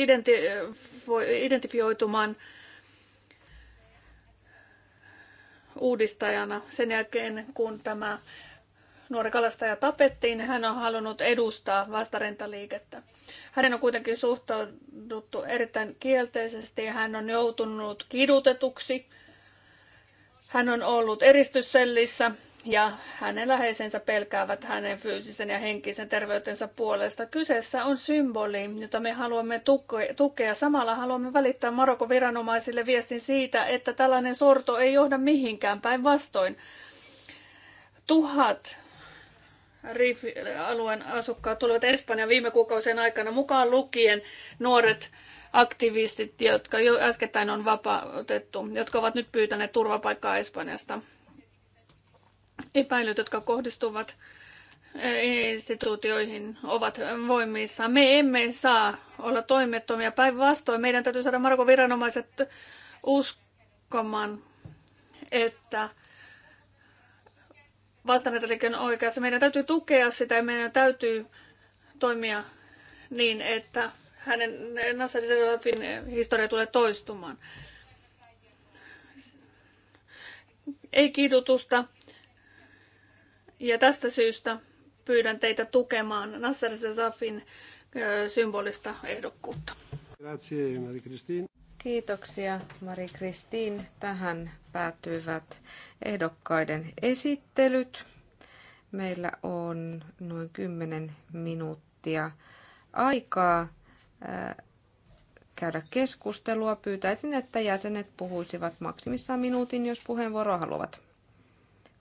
identifioitumaan uudistajana sen jälkeen, kun tämä nuori kalastaja tapettiin. Hän on halunnut edustaa vastarentaliikettä. Hänen on kuitenkin suhtauduttu erittäin kielteisesti ja hän on joutunut kidutetuksi. Hän on ollut eristyssellissä ja hänen läheisensä pelkäävät hänen fyysisen ja henkisen terveytensä puolesta. Kyseessä on symboli, jota me haluamme tukea. Samalla haluamme välittää Marokon viranomaisille viestin siitä, että tällainen sorto ei johda mihinkään päinvastoin. Tuhat RIF-alueen asukkaat tulivat Espanjan viime kuukausien aikana mukaan lukien nuoret aktivistit, jotka jo äskettäin on vapautettu, jotka ovat nyt pyytäneet turvapaikkaa Espanjasta. Epäilyt, jotka kohdistuvat e, instituutioihin ovat voimissaan. Me emme saa olla toimettomia. Päinvastoin meidän täytyy saada Marko viranomaiset uskomaan, että vastaanotoliikkeen oikeassa. Meidän täytyy tukea sitä ja meidän täytyy toimia niin, että hänen Nasser Zerofin historia tulee toistumaan. Ei kidutusta. Ja tästä syystä pyydän teitä tukemaan Nasser Serafin symbolista ehdokkuutta. Kiitoksia Mari-Kristiin. Tähän päättyivät ehdokkaiden esittelyt. Meillä on noin 10 minuuttia aikaa äh, käydä keskustelua. Pyytäisin, että jäsenet puhuisivat maksimissaan minuutin, jos puheenvuoroa haluavat.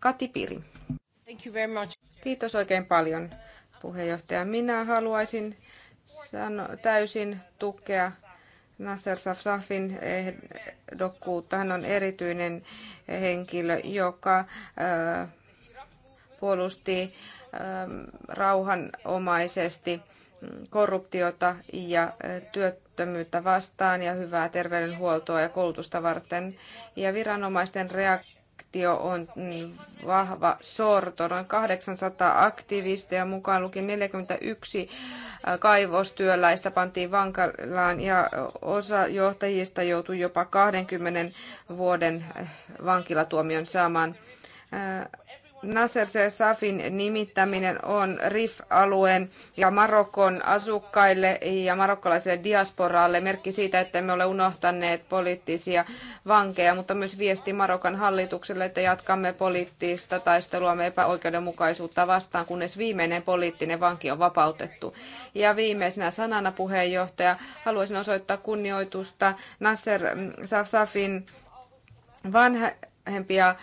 Kati Piri. Thank you very much. Kiitos oikein paljon, puheenjohtaja. Minä haluaisin sano, täysin tukea Nasser Safsafin ehdokkuutta. Hän on erityinen henkilö, joka puolusti rauhanomaisesti korruptiota ja työttömyyttä vastaan ja hyvää terveydenhuoltoa ja koulutusta varten. Ja viranomaisten reaktio reaktio on vahva sorto. Noin 800 aktivisteja mukaan luki 41 kaivostyöläistä pantiin vankilaan ja osa johtajista joutui jopa 20 vuoden vankilatuomion saamaan. Nasser Safin nimittäminen on RIF-alueen ja Marokon asukkaille ja marokkalaiselle diasporaalle merkki siitä, että me ole unohtaneet poliittisia vankeja, mutta myös viesti Marokan hallitukselle, että jatkamme poliittista taistelua me epäoikeudenmukaisuutta vastaan, kunnes viimeinen poliittinen vanki on vapautettu. Ja viimeisenä sanana puheenjohtaja haluaisin osoittaa kunnioitusta Nasser Safin vanhempia äh,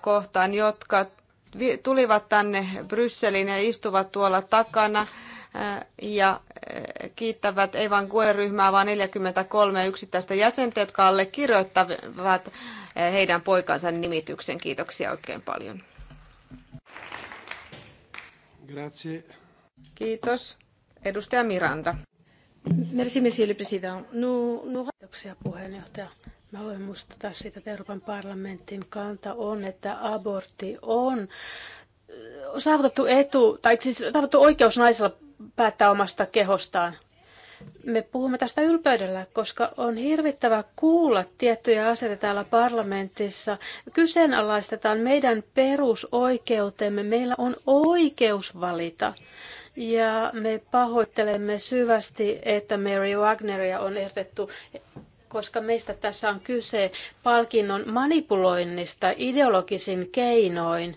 kohtaan, jotka tulivat tänne Brysseliin ja istuvat tuolla takana eh, ja eh, kiittävät ei vain QE-ryhmää, vaan 43 yksittäistä jäsentä, jotka allekirjoittavat eh, heidän poikansa nimityksen. Kiitoksia oikein paljon. Grazie. Kiitos. Edustaja Miranda. Merci, monsieur Kiitoksia puheenjohtaja. Mä haluan muistuttaa siitä, että Euroopan parlamentin kanta on, että abortti on äh, saavutettu etu, tai siis saavutettu oikeus naisella päättää omasta kehostaan. Me puhumme tästä ylpeydellä, koska on hirvittävä kuulla tiettyjä asioita täällä parlamentissa. Kyseenalaistetaan meidän perusoikeutemme. Meillä on oikeus valita. Ja me pahoittelemme syvästi, että Mary Wagneria on ehdotettu koska meistä tässä on kyse palkinnon manipuloinnista ideologisin keinoin.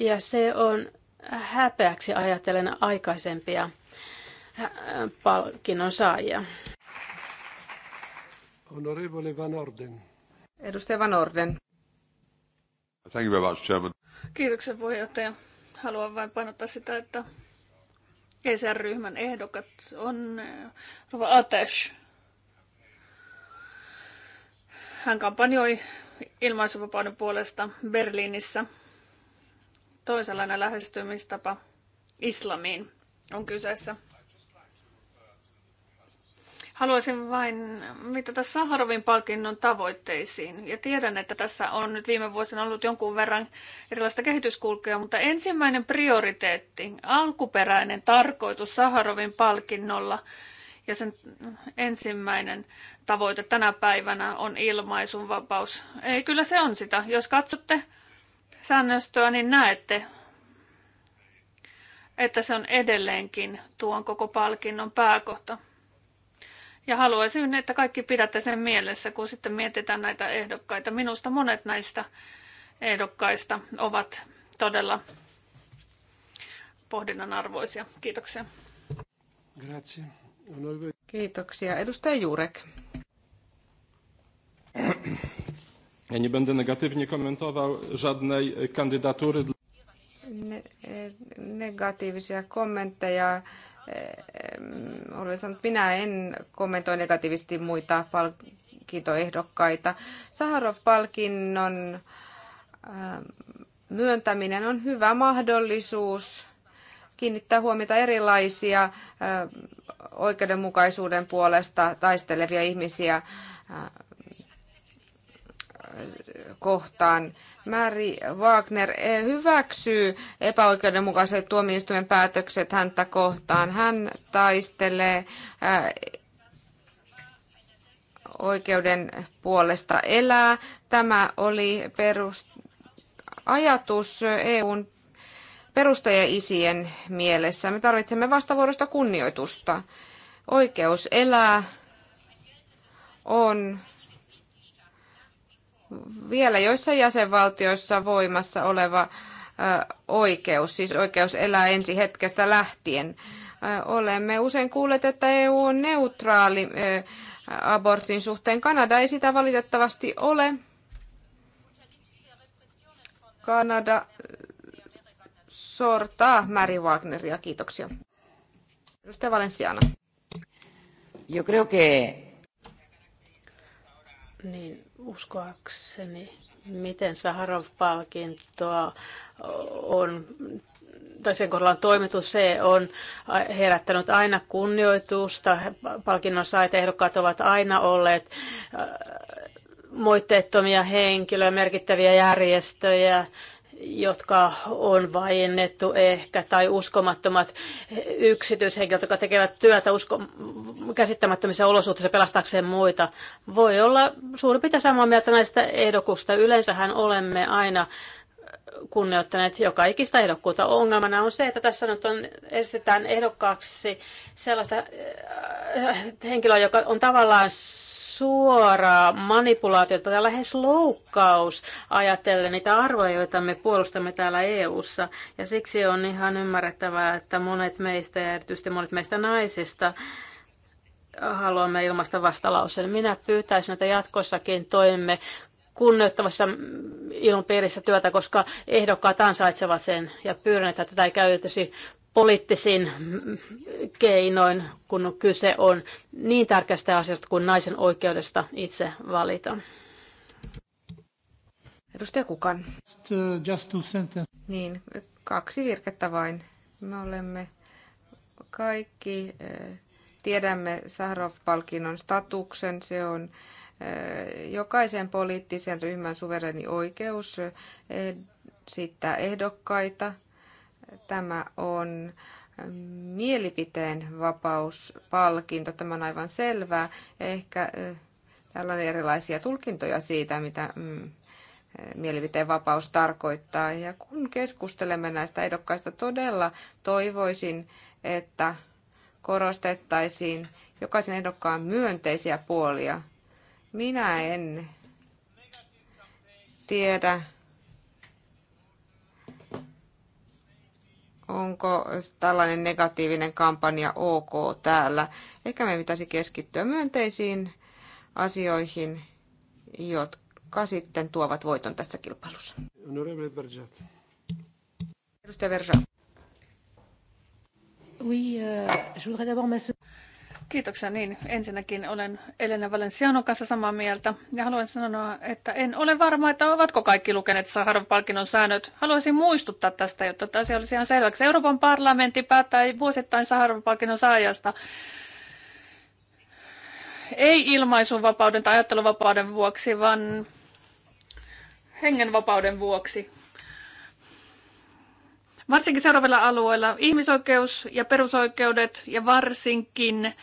Ja se on häpeäksi ajatellen aikaisempia äh, palkinnon saajia. Honorable Van Orden. Edustaja Van Orden. Thank you very much, Chairman. Kiitoksia puheenjohtaja. Haluan vain painottaa sitä, että ESR-ryhmän ehdokat on eh, Rova Atesh. Hän kampanjoi ilmaisuvapauden puolesta Berliinissä. Toisenlainen lähestymistapa islamiin on kyseessä. Haluaisin vain mitata Saharovin palkinnon tavoitteisiin. Ja tiedän, että tässä on nyt viime vuosina ollut jonkun verran erilaista kehityskulkea, mutta ensimmäinen prioriteetti, alkuperäinen tarkoitus Saharovin palkinnolla ja sen ensimmäinen tavoite tänä päivänä on ilmaisunvapaus. Ei, kyllä se on sitä. Jos katsotte säännöstöä, niin näette, että se on edelleenkin tuon koko palkinnon pääkohta. Ja haluaisin, että kaikki pidätte sen mielessä, kun sitten mietitään näitä ehdokkaita. Minusta monet näistä ehdokkaista ovat todella pohdinnan arvoisia. Kiitoksia. Grazie. Kiitoksia. Edustaja Jurek. Ja nie będę negatywnie komentował żadnej kandydatury. Ne- e, negatiivisia kommentteja olen sanonut, minä en kommentoi negatiivisesti muita palkintoehdokkaita. Saharov-palkinnon ähm, myöntäminen on hyvä mahdollisuus kiinnittää huomiota erilaisia ähm, oikeudenmukaisuuden puolesta taistelevia ihmisiä äh, kohtaan. Mary Wagner eh, hyväksyy epäoikeudenmukaiset tuomioistuimen päätökset häntä kohtaan. Hän taistelee eh, oikeuden puolesta elää. Tämä oli perust ajatus EUn perustajaisien mielessä. Me tarvitsemme vastavuorosta kunnioitusta. Oikeus elää on vielä joissain jäsenvaltioissa voimassa oleva oikeus, siis oikeus elää ensi hetkestä lähtien. Olemme usein kuulleet, että EU on neutraali abortin suhteen. Kanada ei sitä valitettavasti ole. Kanada sortaa Mary Wagneria. Kiitoksia. Edustaja Valenciana. Yo creo que... Niin, uskoakseni, miten Saharov-palkintoa on tai sen kohdalla on toimittu, se on herättänyt aina kunnioitusta. Palkinnon saajat ehdokkaat ovat aina olleet äh, moitteettomia henkilöä, merkittäviä järjestöjä, jotka on vaiennettu ehkä, tai uskomattomat yksityishenkilöt, jotka tekevät työtä usko- käsittämättömissä olosuhteissa pelastaakseen muita. Voi olla suurin piirtein samaa mieltä näistä ehdokusta. Yleensähän olemme aina kunnioittaneet joka ikistä ehdokkuutta. Ongelmana on se, että tässä nyt on, esitetään ehdokkaaksi sellaista äh, henkilöä, joka on tavallaan suora manipulaatiota ja lähes loukkaus ajatellen niitä arvoja, joita me puolustamme täällä EU:ssa. Ja siksi on ihan ymmärrettävää, että monet meistä ja erityisesti monet meistä naisista haluamme ilmaista vastalauseen. Minä pyytäisin, että jatkossakin toimme kunnioittavassa ilmapiirissä työtä, koska ehdokkaat ansaitsevat sen ja pyydän, että tätä ei käytettäisi poliittisin keinoin, kun kyse on niin tärkeästä asiasta kuin naisen oikeudesta itse valita. Edustaja Kukan. Just, uh, just niin, kaksi virkettä vain. Me olemme kaikki, eh, tiedämme Saharov-palkinnon statuksen, se on jokaisen poliittisen ryhmän suvereni oikeus esittää ehdokkaita. Tämä on mielipiteen vapauspalkinto, tämä on aivan selvää. Ehkä täällä on erilaisia tulkintoja siitä, mitä mm, mielipiteen vapaus tarkoittaa. Ja kun keskustelemme näistä ehdokkaista, todella toivoisin, että korostettaisiin jokaisen ehdokkaan myönteisiä puolia minä en tiedä, onko tällainen negatiivinen kampanja ok täällä. Ehkä meidän pitäisi keskittyä myönteisiin asioihin, jotka sitten tuovat voiton tässä kilpailussa. Edustaja Verja. Oui, euh, je voudrais d'abord Kiitoksia niin. Ensinnäkin olen Elena Valencianon kanssa samaa mieltä ja haluan sanoa, että en ole varma, että ovatko kaikki lukeneet Saharov-palkinnon säännöt. Haluaisin muistuttaa tästä, jotta tämä asia olisi ihan selväksi. Euroopan parlamentti päättää vuosittain Saharov-palkinnon saajasta ei ilmaisunvapauden tai ajatteluvapauden vuoksi, vaan hengenvapauden vuoksi. Varsinkin seuraavilla alueilla ihmisoikeus ja perusoikeudet ja varsinkin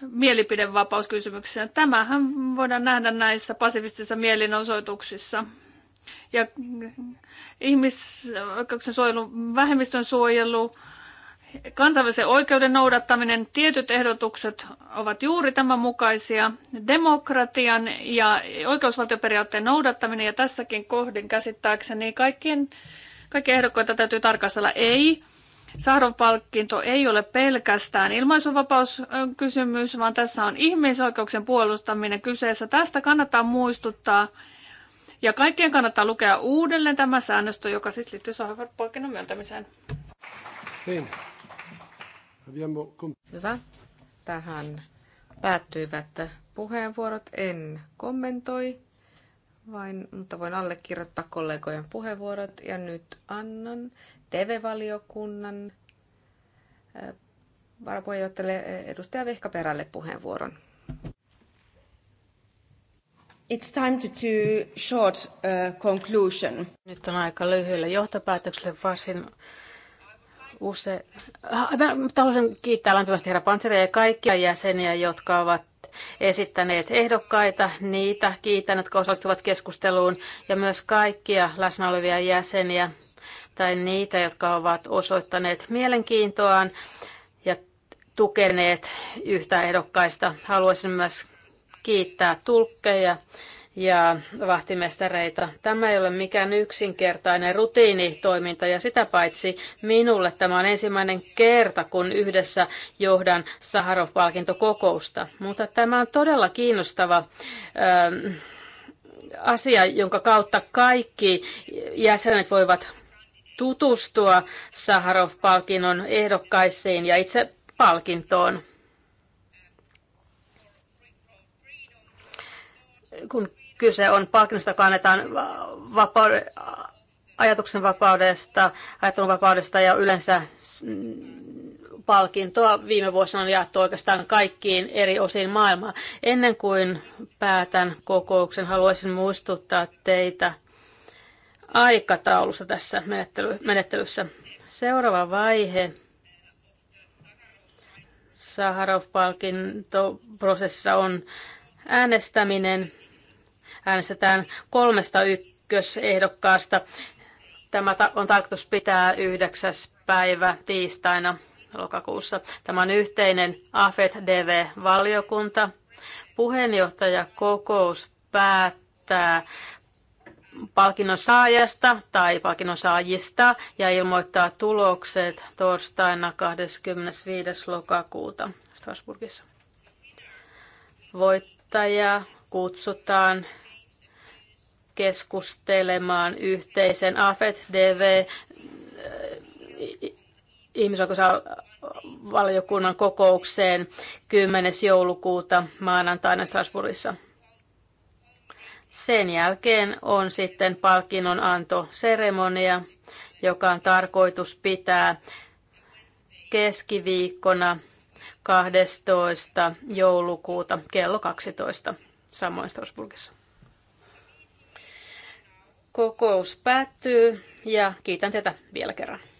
mielipidevapauskysymyksiä. Tämähän voidaan nähdä näissä pasifistisissa mielinosoituksissa. Ja ihmisoikeuksien suojelu, vähemmistön suojelu, kansainvälisen oikeuden noudattaminen, tietyt ehdotukset ovat juuri tämän mukaisia. Demokratian ja oikeusvaltioperiaatteen noudattaminen ja tässäkin kohdin käsittääkseni kaikkien, kaikkien ehdokkaita täytyy tarkastella ei Saharov-palkinto ei ole pelkästään ilmaisuvapauskysymys, vaan tässä on ihmisoikeuksien puolustaminen kyseessä. Tästä kannattaa muistuttaa ja kaikkien kannattaa lukea uudelleen tämä säännöstö, joka siis liittyy Saharov-palkinnon myöntämiseen. Niin. Hyvä. Tähän päättyivät puheenvuorot. En kommentoi, vain, mutta voin allekirjoittaa kollegojen puheenvuorot. Ja nyt annan TV-valiokunnan varapuheenjohtajalle edustaja Vehkaperälle puheenvuoron. It's time to do short uh, conclusion. Nyt on aika lyhyelle johtopäätökselle varsin use... Ah, haluaisin kiittää lämpimästi herra Pantseria ja kaikkia jäseniä, jotka ovat esittäneet ehdokkaita, niitä kiitän, jotka osallistuvat keskusteluun, ja myös kaikkia läsnä olevia jäseniä, tai niitä, jotka ovat osoittaneet mielenkiintoaan ja tukeneet yhtä ehdokkaista. Haluaisin myös kiittää tulkkeja ja vahtimestareita. Tämä ei ole mikään yksinkertainen rutiinitoiminta ja sitä paitsi minulle tämä on ensimmäinen kerta, kun yhdessä johdan Saharov-palkintokokousta. Mutta tämä on todella kiinnostava ähm, asia, jonka kautta kaikki jäsenet voivat tutustua Saharov-palkinnon ehdokkaisiin ja itse palkintoon. Kun kyse on palkinnosta, joka annetaan vapauden, ajatuksen vapaudesta, ajattelun vapaudesta ja yleensä palkintoa viime vuosina on jaettu oikeastaan kaikkiin eri osiin maailmaa. Ennen kuin päätän kokouksen, haluaisin muistuttaa teitä aikataulusta tässä menettely, menettelyssä. Seuraava vaihe Saharov-palkintoprosessissa on äänestäminen. Äänestetään kolmesta ykkösehdokkaasta. Tämä on tarkoitus pitää 9. päivä tiistaina lokakuussa. Tämä on yhteinen afed dv valiokunta Puheenjohtajakokous päättää palkinnon saajasta tai palkinnon saajista ja ilmoittaa tulokset torstaina 25. lokakuuta Strasbourgissa. Voittaja kutsutaan keskustelemaan yhteisen AFET-DV äh, ihmisoikeusvaliokunnan kokoukseen 10. joulukuuta maanantaina Strasbourgissa. Sen jälkeen on sitten palkinnon seremonia, joka on tarkoitus pitää keskiviikkona 12. joulukuuta kello 12 samoin Strasbourgissa. Kokous päättyy ja kiitän tätä vielä kerran.